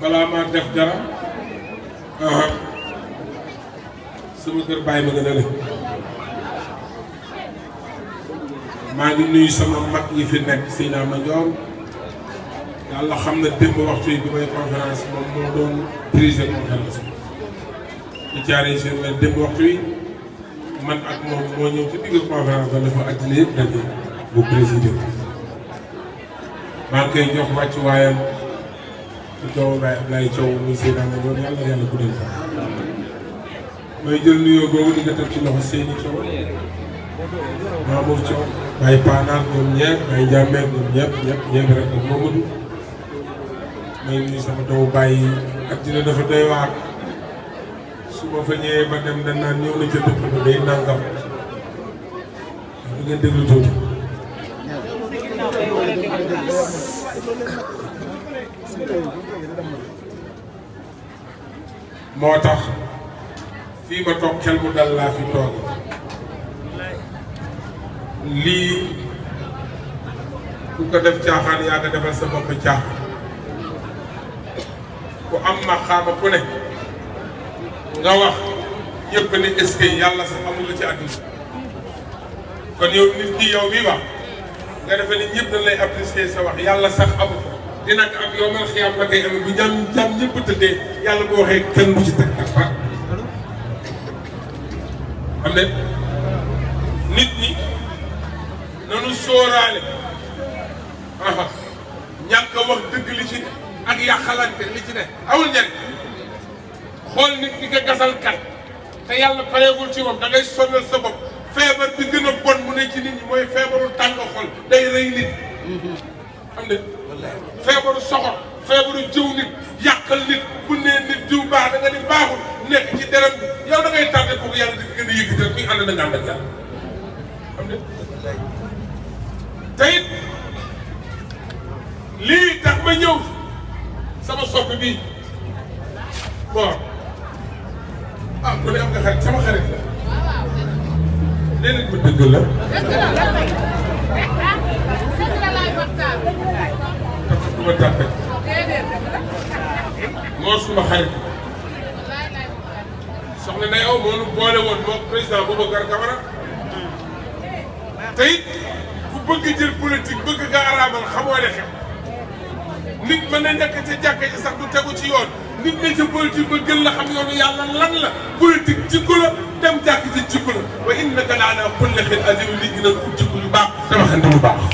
balaa maa def dara ah, sama kër bàyyi ma nga ne maa ngi nuyu sama mag yi fi nekk si naa ma njoor yàlla xam na démb waxtu yi bi may conférence moom moo doon prise ak moom moo ñëw ci digg conférence ba dafa àddina yëpp daje bu président maa ngi koy jox wàccuwaayam coow Baye Ablaye Thiaw muy Seydina Ngom yàlla na yàlla guddal fa may jël nuyoo googu di nga teg ci loxo Seyni Thiaw Mamour Thiaw Baye Panaat ñoom ñepp Baye Ndiambeer ñoom ñepp ñepp ñepp rek ak Mamadou may nuyu sama doomu Baye yi ak dina dafa doy waar su ma fa ñëwee ba dem dañ naan ñëw na ca dëkk ba day nangam di ngeen déglu tuuti. moo tax fii ma toog xel mu dal laa fi toog lii ku ko def caaxaan yaa nga defal sa bopp caaxaan ku am ma xaama ku ne nga wax ñëpp ne est yàlla sax amul la ci àdduna kon yow nit ki yow mii wax nga defe ni ñëpp dañ lay apprécier sa wax yàlla sax amul dina ko am yow man xiyam ba koy amee bu jàmm jàmm ñëpp tëddee yàlla boo waxee kenn bu ci teg ak baat am ne nit ñi nanu sóoraale aha ñàkk wax dëgg li ci ne ak yàqalante li ci ne amul njariñ xool nit ñi nga gasal kat te yàlla pareegul ci moom da ngay sa bopp feebar bi gën a bon mu ne ci nit ñi mooy feebaru tàng xol day rey nit am ne feebaru soxor feebaru jiw nit yàqal nit bu nee nit jiw baax da nga ni baaxul nekk ci deret bi yow da ngay tardé kooku yàlla di gën a yëg te kuy ànd na nga ànd lii tax ma ñëw sama soppi bi bon ah ku am nga xarit sama xarit la léeg-léeg ma la. Ah, ma tàppee moo suma xarit soxna Ndeye Awa moo nu boole woon moom président Boubacar Camara te it ku bëgg jël politique bëgg nga araamal xamoo ne xew nit mën na nekk ca jàkka ji sax du tegu ci yoon nit ne ca politique ba gën la xam yoonu yàlla lan la politique jikko la dem jàkk ji jikko la wa innaka la ala xulqin aziim li gën a jikko lu baax dama xam ne lu baax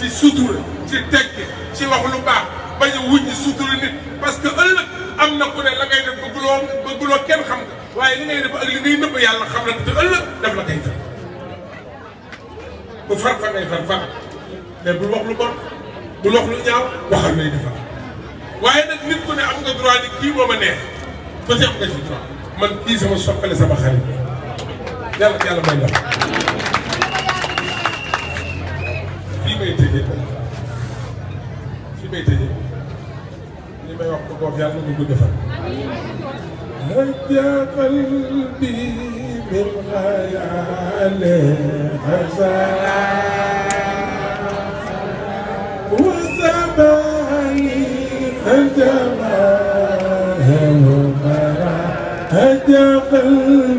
ci sutura ci tekki ci wax lu baax bañ a wuññi sutura nit parce que ëllëg am na ku ne la ngay def bëgguloo bëgguloo kenn xam nga waaye li ngay def ak li ngay nëbb yàlla xam na te ëllëg daf la koy fekk bu far fa ngay far far mais bul wax lu bon bul wax lu ñaaw waxal lay defar waaye nag nit ku ne am nga droit ni kii moom a neex ba si am nga ci droit man kii sama soppale sama xarit yàlla yàlla may la may tëjee fi may tëjee li may wax ko boog yàlla na ko defal. هجا قلبي من خيال حسنا وزماني هجا هجا قلبي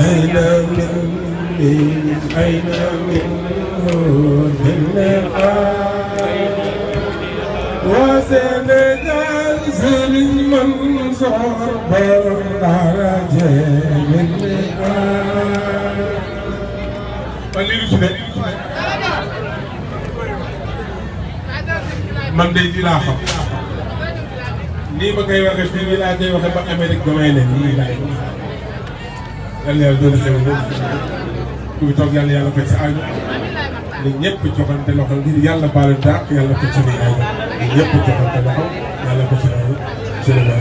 أين مني أين منه باللقاء وسنزلزل المنصور بالدرج من اللقاء man day di laa xam nii ma koy waxee fii laa koy waxee ba Amérique damay ne nii laay yal na yàlla doon xew boobu kuy toog yàlla yàlla sa aajo ne ñëpp joxante loxo yàlla baal yàlla faj suñuy aajo yàlla faj suñu aajo yàlla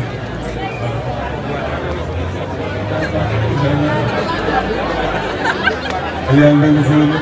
yàlla nangu suñu